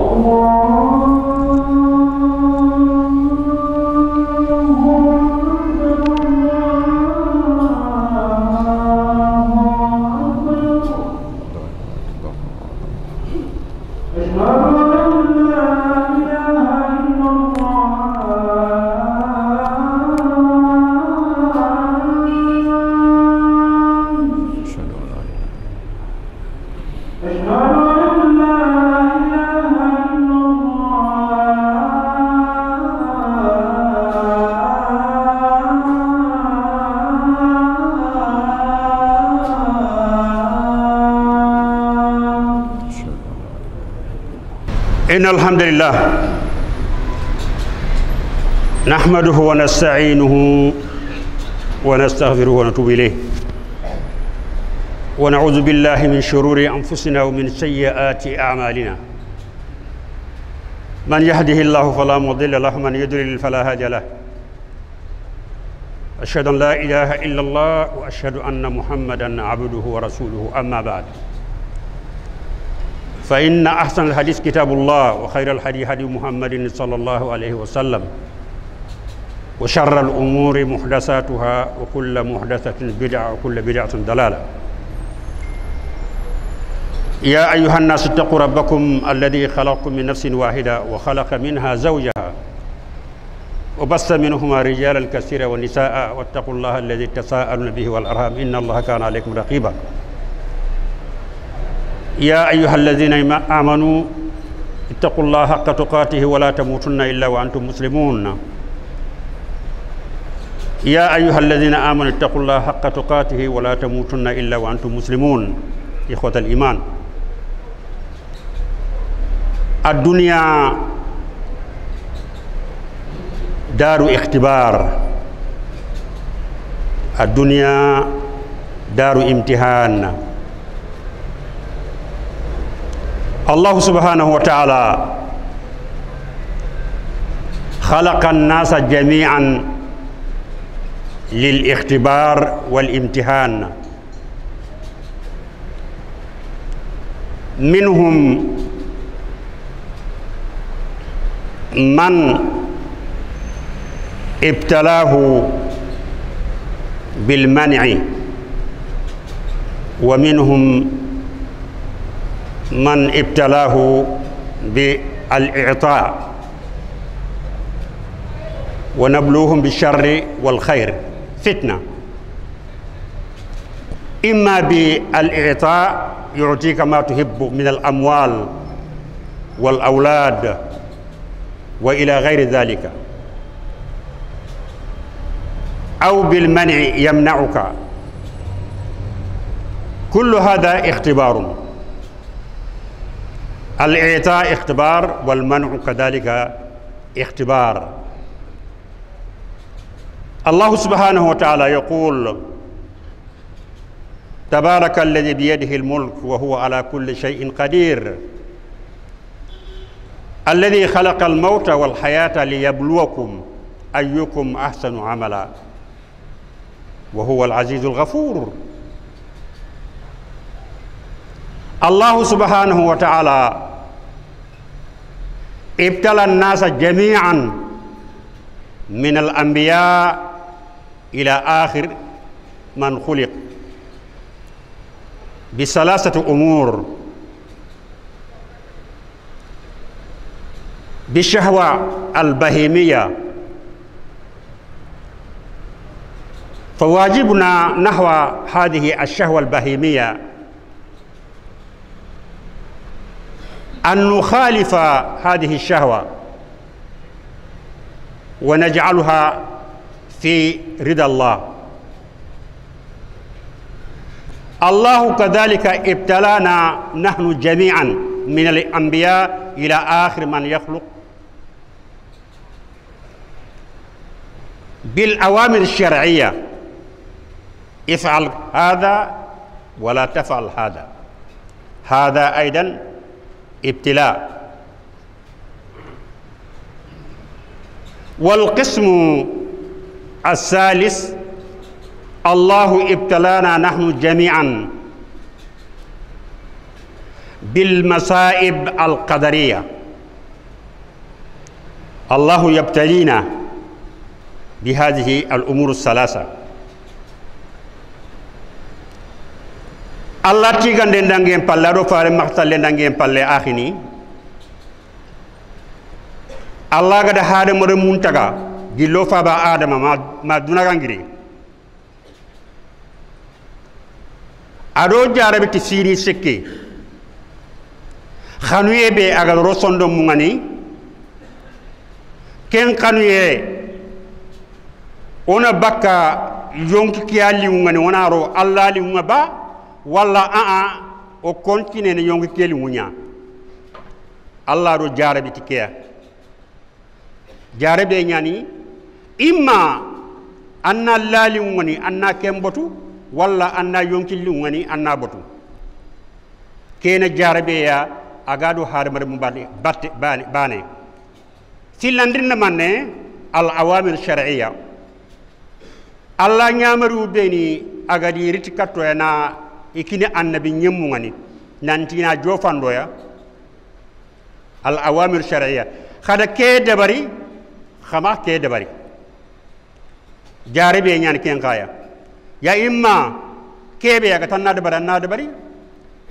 Allah إن الحمد لله نحمده ونستعينه ونستغفره ونتوب إليه ونعوذ بالله من شرور أنفسنا ومن سيئات أعمالنا من يهده الله فلا مضل له ومن يضلل فلا هادي له أشهد أن لا إله إلا الله وأشهد أن محمدا عبده ورسوله أما بعد فإن أحسن الحديث كتاب الله وخير الحديث حديث محمد صلى الله عليه وسلم وشر الأمور محدثاتها وكل محدثة بدعة وكل بدعة ضلالة يا أيها الناس اتقوا ربكم الذي خلقكم من نفس واحدة وخلق منها زوجها وبس منهما رجالا كثيرا ونساء واتقوا الله الذي تساءلون به والأرحام إن الله كان عليكم رقيبا يا أيها الذين آمنوا اتقوا الله حق تقاته ولا تموتن إلا وأنتم مسلمون يا أيها الذين آمنوا اتقوا الله حق تقاته ولا تموتن إلا وأنتم مسلمون إخوة الإيمان الدنيا دار اختبار الدنيا دار امتحان الله سبحانه وتعالى خلق الناس جميعا للاختبار والامتحان منهم من ابتلاه بالمنع ومنهم من ابتلاه بالإعطاء ونبلوهم بالشر والخير فتنة إما بالإعطاء يعطيك ما تحب من الأموال والأولاد وإلى غير ذلك أو بالمنع يمنعك كل هذا اختبار الإعطاء اختبار والمنع كذلك اختبار الله سبحانه وتعالى يقول تبارك الذي بيده الملك وهو على كل شيء قدير الذي خلق الموت والحياة ليبلوكم أيكم أحسن عملا وهو العزيز الغفور الله سبحانه وتعالى ابتلى الناس جميعا من الأنبياء إلى آخر من خلق بثلاثة أمور بالشهوة البهيمية فواجبنا نحو هذه الشهوة البهيمية أن نخالف هذه الشهوة ونجعلها في رضا الله الله كذلك ابتلانا نحن جميعا من الأنبياء إلى آخر من يخلق بالأوامر الشرعية افعل هذا ولا تفعل هذا هذا أيضا ابتلاء والقسم الثالث الله ابتلانا نحن جميعا بالمصائب القدريه الله يبتلينا بهذه الامور الثلاثه allah tiga ndendangen palle aɗo faare maxta lendangen palle axini allah gada haade mo remun taga gillo faaba adama ma dunagangiri aɗo jarabi ti siri sikki xanuye be agal rosondo mugani ken xanuye wona bakka yonki kiya liwugani wonaro allah liwuga ba walla an an o continue ne yonki keli wuña allah ɗo jarabi ti keya jarabe ñani imma anna laali woni anna ken botu walla anna yonkilli woni anna botu kene jarabe ya aga ɗo haademare mu batte bane sillandirna manne al awamir sharia allah ñamaru beni agadi ritikattoyana ikini annabi nyemmu ngani nantina jo fandoya al awamir shar'iyya khada ke dabari khama ke dabari jare be nyan ken kaya ya imma kebe aga tanna dabara anna dabari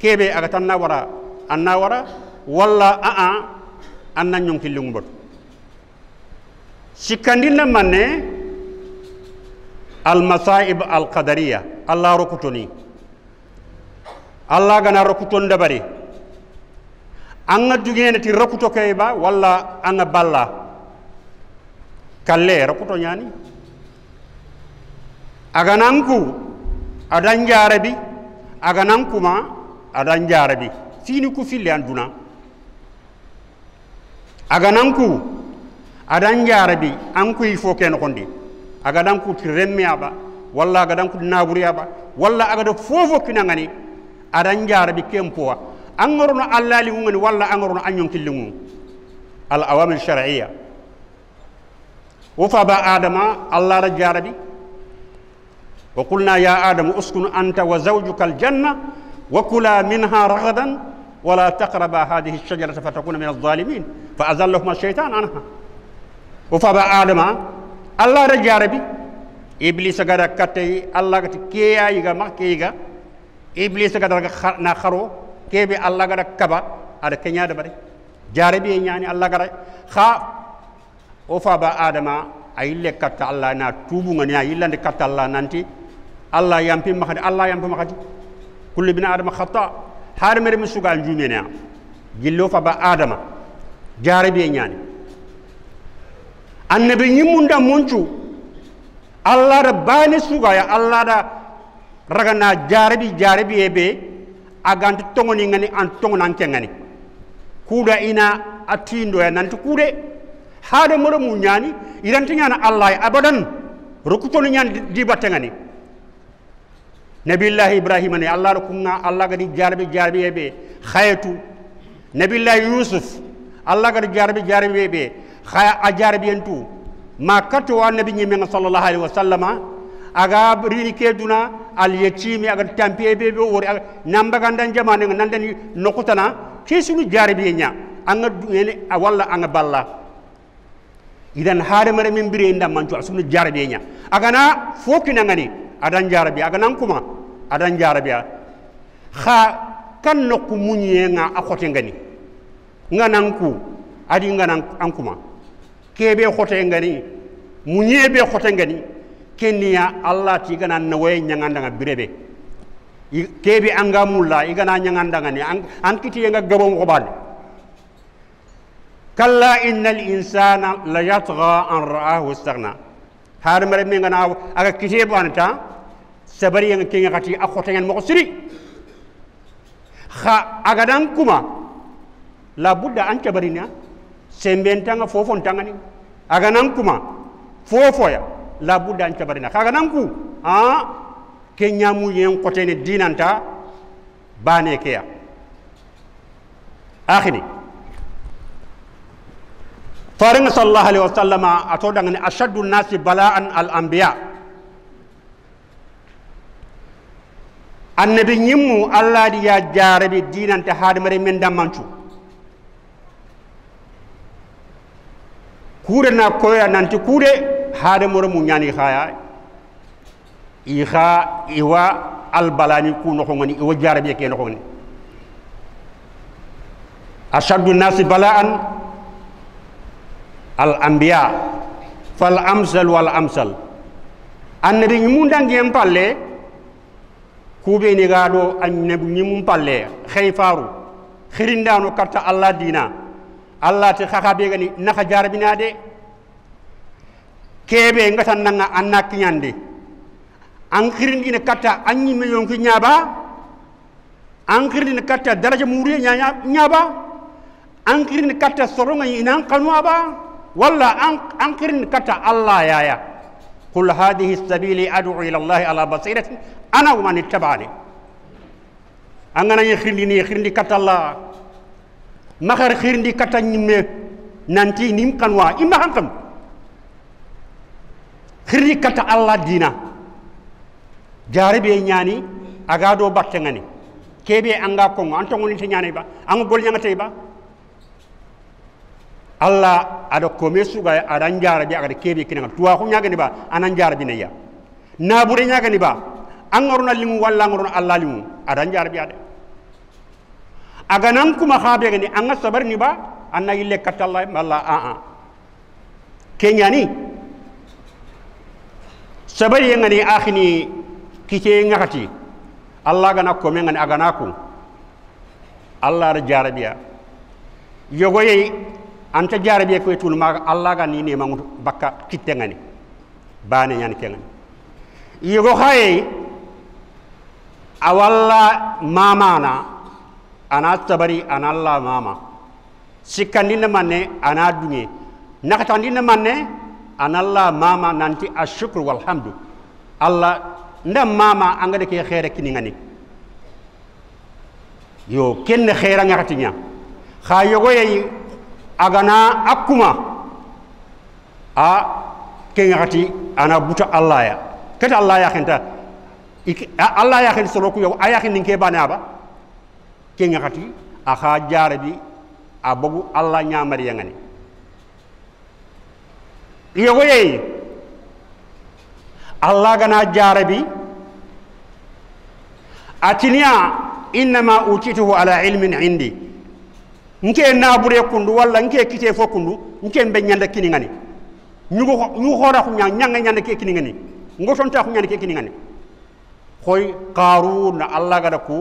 kebe aga tanna wara anna wara walla a a anna nyong kilung bot sikandina manne al masaib al qadariyya allah rukutuni allah gana rakuton dabari anga dugene ti rakuto kay ba walla anga balla kalle rakuto ñani agananku adan jarabi aganankuma adan jarabi fini ku fili an duna agananku adan jarabi ankuyi fo ken kondi ku ti remmi aba walla agadanku ti naburi aba walla agada fofo kinangani adan bi kempoa angorno allali ngani wala angorno anyon killingu al awamil shar'iyya ba adama bi wa qulna ya adam uskun anta wa zawjuka al janna wa kula minha raghadan ولا تقربا هذه الشجرة فتكون من الظالمين فأزلهما الشيطان عنها وفبا آدم الله رجع ربي إبليس قد كتي الله قد كيا يغا ما كيا iblis ga daga na kharo kebe allah ga kaba ada kenya da bare jare bi nyani allah ga kha o fa ba adama ayille katta allah na tubu ngani ayille de katta allah nanti allah yampi mahadi allah yampi mahadi kullu bin adama khata har mere musugal jumena gillo fa ba adama jare bi nyani annabi nyimunda muncu allah da bani sugaya allah da ragana jare bi ebe agantu tongoni ngani an an kengani kuda ina atindo ya nantu kude hade moro nyani iranti nyana allah ya abadan rukutoni nyan dibata ngani nabillahi ibrahim ne allah rukunga allah gadi jare bi ebe khaytu nabillahi yusuf allah gadi jare bi ebe khaya bi entu makatu wa nabi nyemenga sallallahu alaihi wasallama aga rinike duna al yetimi aga tampiye bebe wori namba gandan jamane nandan nokutana kesulu jarbi nya anga ngene walla anga balla idan hare mare min bire ndam mancu asulu jarbi nya aga na foki nangani adan jarbi aga nan kuma adan jarbi kha kan nokku munye nga akote ngani ngananku adi nganan ankuma kebe khote ngani munye be khote ngani Kenia allah ti gana na way nyanga nga birebe kebi anga mulla igana nyanga nga ni an kiti nga gabon ko bal innal insana la yatgha an ra'ahu istaghna har mare mi ngana aga kiti banta sabari nga kenya kati akhotengen moko siri kha aga dan kuma la budda an kabarina sembentanga fofon tangani aga nan kuma fofoya la budda an cabarina kaga nan ku a ke ñamuyen yen dinanta bane ke ya akhiri faringa sallallahu alaihi wasallam a to daga ashaddu nasi bala'an al anbiya annabi nyimmu allah di ya jarabi dinanta hadmare men damancu kuure na koya nanti kure hare mo mu ñani xaya i kha iwa albalani ku no ngoni iwa jarabe ke no ngoni ashadu nasi bala'an al anbiya fal amsal wal amsal annabi ni mu dangi en palle be ni gado annabi ni mu palle khayfaru khirindanu karta allah dina allah ti khakha be gani naka jarbina de kebe tan nanga anak nyande an khirindi ne kata anyi me yonki nyaba an kata daraja muriya nyanya nyaba Angkirin khirindi kata soronga inan kanu aba walla an an kata allah ya ya. qul hadhihi sabili ad'u ila allah ala basirati ana wa man ittaba'ani an ngana khirindi ne khirindi kata allah makhar khirindi kata nyimme nanti nim kanwa imma hankam hirni kata allah dina jari be nyani aga do batte ngani kebe anga ko anto ngoni te nyani ba ango bol nyanga te ba allah ada kome suga ada njara bi aga kebe kinanga tuwa ko nyaga ni ba anan njara bi ne ya nabure nyaga ni ba angoruna limu walla ngoruna allah limu ada njara bi ada aga nan kuma khabe ngani anga sabar ni ba anna ille Allah malla a ah, a ah. kenyani sabari ngani akhini kike ngakati allah gana ko men ngani agana ku allah ra jarabiya yogo yi anta jarabiya ko tul ma allah ga ni ne mangu bakka kitte ngani bane nyan kengan yogo haye awalla mamana ana tabari ana allah mama ne manne ana dunge ne manne an allah mama nanti ashukru walhamdu allah nda mama anga de ke xere kini ngani yo ken nga xati nya kha yogo yi agana akuma a ken xati ana buta allah ya ta allah ya khenta allah ya khen solo ku yo aya khen ke bana ba ken xati a kha bi a bogu allah nya mari ngani يوي الله غنا جاربي أتنيا إنما أوتيته على علم عندي nke naabure kundu walla nke kite fo kundu nke mbe nyanda kini ngani nyugo nyu hora ku nyang nyanga nyanda ke kini ngani ngo sonta ku nyanda ke kini ngani koy qarun allah gada ku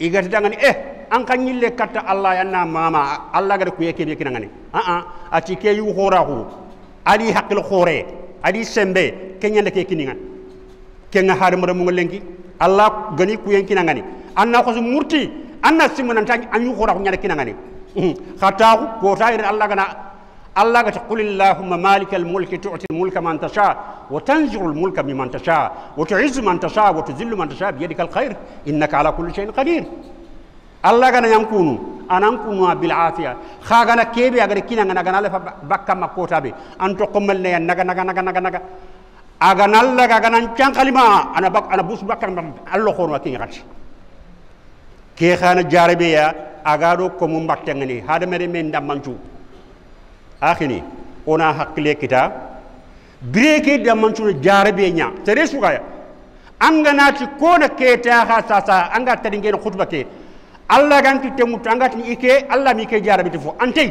igati dangani eh an ka nyille katta allah yanna mama allah gada ku yeke be kini ngani a a ati ke yu hora ku ali hakil khore ali sembe kenya leke kininga kenga harmara mu lengi allah gani ku yanki nangani anna ko murti anna simon tan anyu khora ko nyale kinangani khata ko tayir allah gana allah gata qul allahumma malikal mulki tu'ti mulka man tasha wa tanzi'ul mulka mimman tasha wa tu'izzu man tasha wa tuzillu man tasha biyadikal khair innaka ala kulli shay'in qadir allah gana yankunu anan kunu bil afiya khagana kebe agare kinanga naga nale fa bakka makota be an to komal ne naga naga naga naga naga aga nalla ga ganan cankalima ana bak ana bus bakka allo khono akin gati ke khana jarabe ya aga do ko mum battengani hada mere men damanju akhini ona hakle kita breke damanju jarabe nya tere sugaya anga nati kona keta ha sasa anga tadingen khutba ke allah ganti temmutu angati ike allah mi ke jarabiti fo antey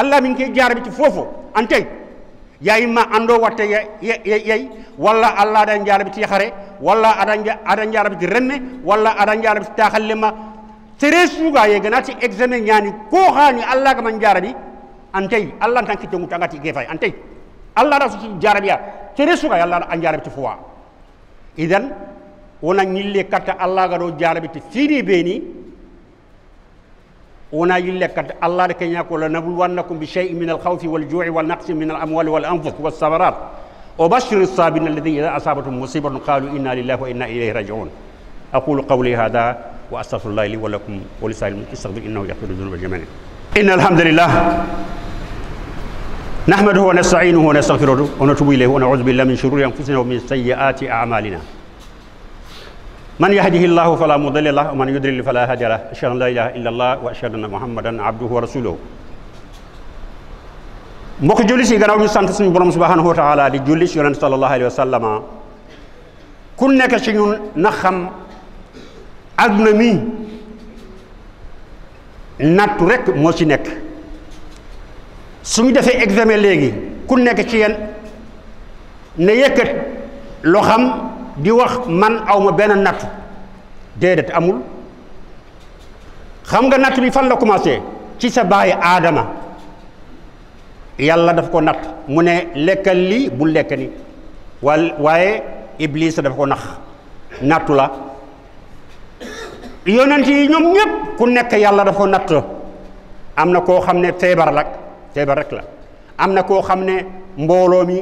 allah min ke jarabiti fofo antey yayi ma ando watte yey walla allah adan jarabiti yahare walla adan adan jarabiti renne walla adan jarabiti tahallema tere suga ye ganati examen nyani ko hani allah ga man jarabi antey allah tan ki temmutu angati ike fay antey allah rasul jarabiya tere suga allah an jarabiti fo wa idan ona ñille katta allah ga do jaraɓe te fiini e beeni wona yille katta allah de kenya ko la nabul wanakum bi shay'in min al khawfi wal ju'i wal naqsi min al amwali wal anfus was samarat وبشر الصابرين الذين اذا اصابتهم مصيبه قالوا انا لله وانا اليه راجعون اقول قولي هذا واستغفر الله لي ولكم ولسائر المسلمين استغفر انه يغفر الذنوب جميعا ان الحمد لله نحمده ونستعينه ونستغفره ونتوب اليه ونعوذ بالله من شرور انفسنا ومن سيئات اعمالنا من يهده الله فلا مضل له ومن يضلل فلا هادي له اشهد ان لا اله الا الله واشهد ان محمدا عبده ورسوله موك جولي سي غاناو ني سانت سيني بروم سبحانه وتعالى دي جولي سي يونس صلى الله عليه وسلم كون نيك سي نون نخم ادنا مي نات رك مو سي نيك سوني دافي اكزامي ليغي كون نيك سي ين نيكت لو خم di wax man awma benn nattu déedéet amul xam nga nattu bi fan la commencé ci sa baay aadama yàlla dafa ko natt mu ne lekkal lii bu lekk ni wal waaye iblis dafa ko nax nattu la yonent yi ñoom ñëpp ku nekk yàlla dafa ko natt am na koo xam ne feebar lak feebar rek la am na koo xam ne mbooloo mi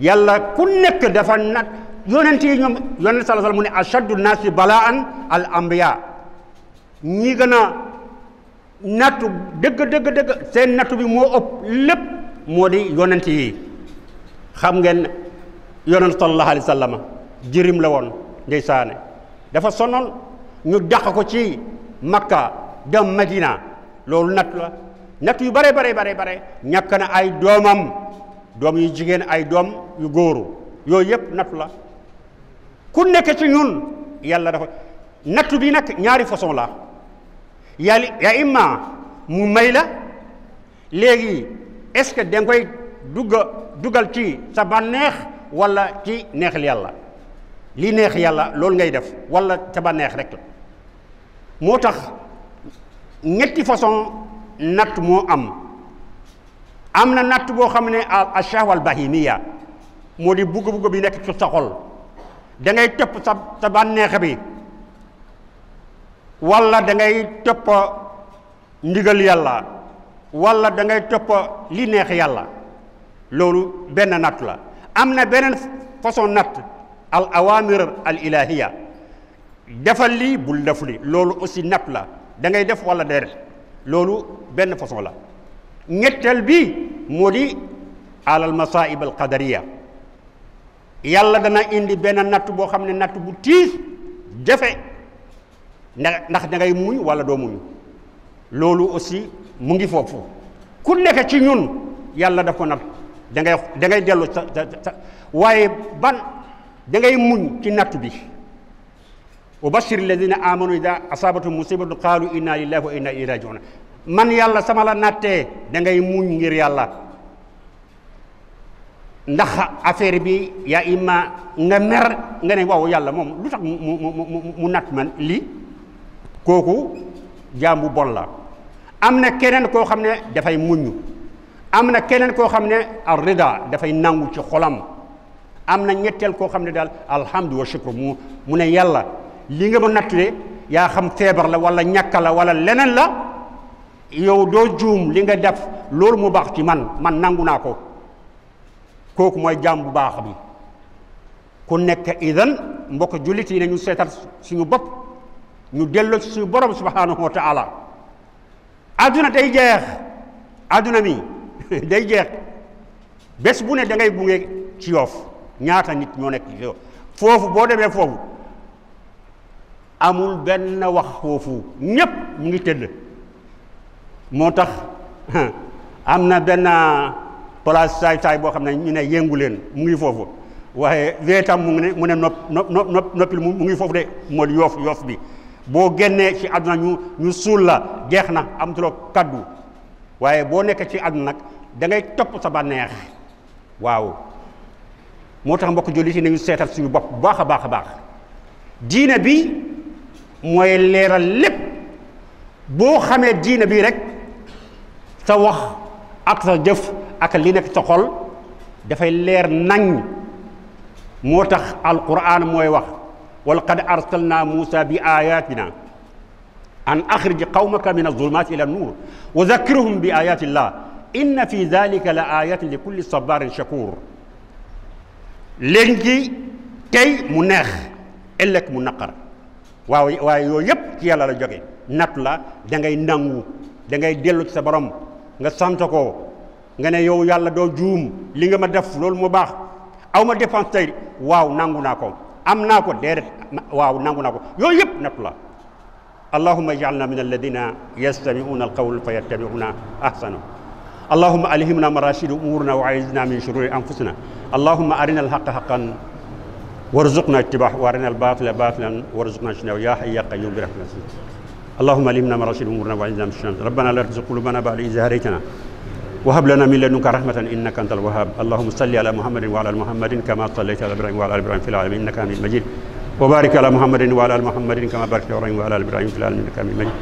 yàlla ku nekk dafa nag yonent yi ñoom yonent sala sala mu ne ashaddu naasi balaan al ambiya ñi gën a nattu dëgg dëgg dëgg seen nattu bi moo ëpp lépp moo di yonent yi xam ngeen yonent sallallahu alayhi wa sallam jirim la woon ndeysaane dafa sonol ñu dàq ko ci makka dem madina loolu natt la natt yu bare bare bare bare ñàkk na ay doomam doom yu jigéen ay doom yu góoru yooyu yëpp nattu la ku nekk ci ñun yàlla dafa nattu bi nag ñaari façon la yàlla ya imma mu may la léegi est-ce que danga koy dugga dugal ci sa bànneex walla ci neexal yàlla li neex yàlla loolu ngay def walla sa bànneex rek moo tax ñetti façon natt moo am amna nat bo xamne xam ne al shahwal bahimiya modi di bugg-bugg bi nek ci saxol da ngay tëpp sa sa bànneex bi wala da ngay tëpp ndigal yàlla wala da ngay tëpp li neex yàlla lolu ben nat la amna benen façon nat al awamir al ilahiya defal li bul defli lolu aussi nat la da ngay def wala der lolu ben façon la ñetteel bi moo di alal masaib al qadariya yàlla dana indi benn natt boo xam ne natt bu tiis jafe ndax da ngay muñ walla doo muñ loolu aussi mu ngi foofu ku nekk ci ñun yàlla daf ko dangay da ngay da dellu waaye ban dangay ngay muñ ci natt bi wa bashir alladina amanu ida asabatu musibatu qalu inna lillahi wa inna ilayhi rajiun man yàlla sama la nattee da ngay muñ ngir yàlla ndax affaire bi yaa imma nga mer nga ne waaw yàlla moom lu tax mu mu mu mu natt man lii kooku jaam bu bon la am na keneen koo xam ne dafay muñ am na keneen koo xam ne ar rida dafay nangu ci xolam am na ñetteel koo xam ne daal alhamdu wa shukru mu mu ne yàlla li nga ma natt de yaa xam feebar la walla ñàkk la wala leneen la yow doo juum li nga def loolu mu baax ci man man nangu naa ko kooku mooy jaam bu baax bi ku nekk idan mbokk jullit yi nañu seetal suñu bopp ñu delloo ci suñu borom subhanahu wa taala adduna day jeex adduna mi day jeex bés bu ne dangay ngay ci yoof ñaata nit ñoo nekk ci foofu boo demee foofu amul benn wax foofu ñépp mu ngi tëdd moo tax am na benn place saay-saay boo xam ne ñu ne yëngu leen mu ngi foofu waaye wetam mu ngi ne mu ne nopp nopp noppil mu ngi foofu de mooy yoof yoof bi boo génnee ci àdduna ñu ñu suul la jeex na am amatuloo kaddu waaye boo nekk ci àdduna nag dangay ngay topp sa bànneex waaw moo tax mbokk jullit yi nañu seetal suñu bopp bu baax a baax a baax diine bi mooy leeral lépp boo xamee diine bi rek sa wax ak sa jëf ak li nekk sa xol dafay leer nañ moo tax alquran mooy wax walqad arsalna musa bi ayatina an akhrij qawmaka min azulumat ila nur wa zakkirhum bi ayati llah inna fi dhalika la ayatin li kulli sabarin shakur léegi tey mu neex ëllëg mu naqar waaw waaye yooyu yépp ci yàlla la jóge nat la da ngay nangu da ngay dellu ci sa borom nga sant ko nga ne yow yàlla doo juum li nga ma def loolu mu baax aw ma dépense tey waaw ko am naa ko déedéet waaw nangu ko yooyu yëpp nattu la allahumma ij'alna min alladina yastami'una alqawla fayattabi'una ahsanahu اللهم ألهمنا مراشد أمورنا وعيزنا من شرور أنفسنا اللهم أرنا الحق حقا وارزقنا اتباعه وارنا الباطل باطلا وارزقنا اجتنابه يا حي يا قيوم برحمتك اللهم علمنا ما رشد امورنا وعزنا من الشمس ربنا لا تزغ قلوبنا بعد اذ هديتنا وهب لنا من لدنك رحمه انك انت الوهاب اللهم صل على محمد وعلى محمد كما صليت على ابراهيم وعلى ابراهيم في العالمين انك حميد مجيد وبارك على محمد وعلى محمد كما باركت على ابراهيم وعلى ابراهيم في العالمين انك حميد مجيد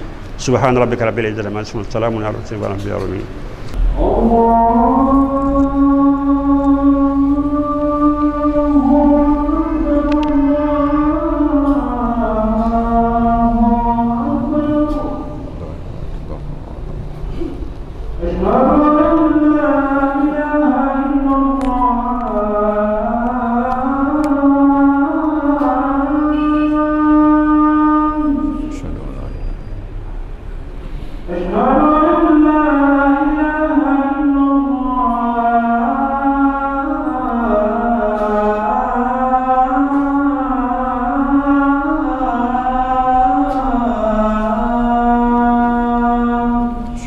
سبحان ربك رب العزه عما يصفون وسلام على المرسلين والحمد لله رب العالمين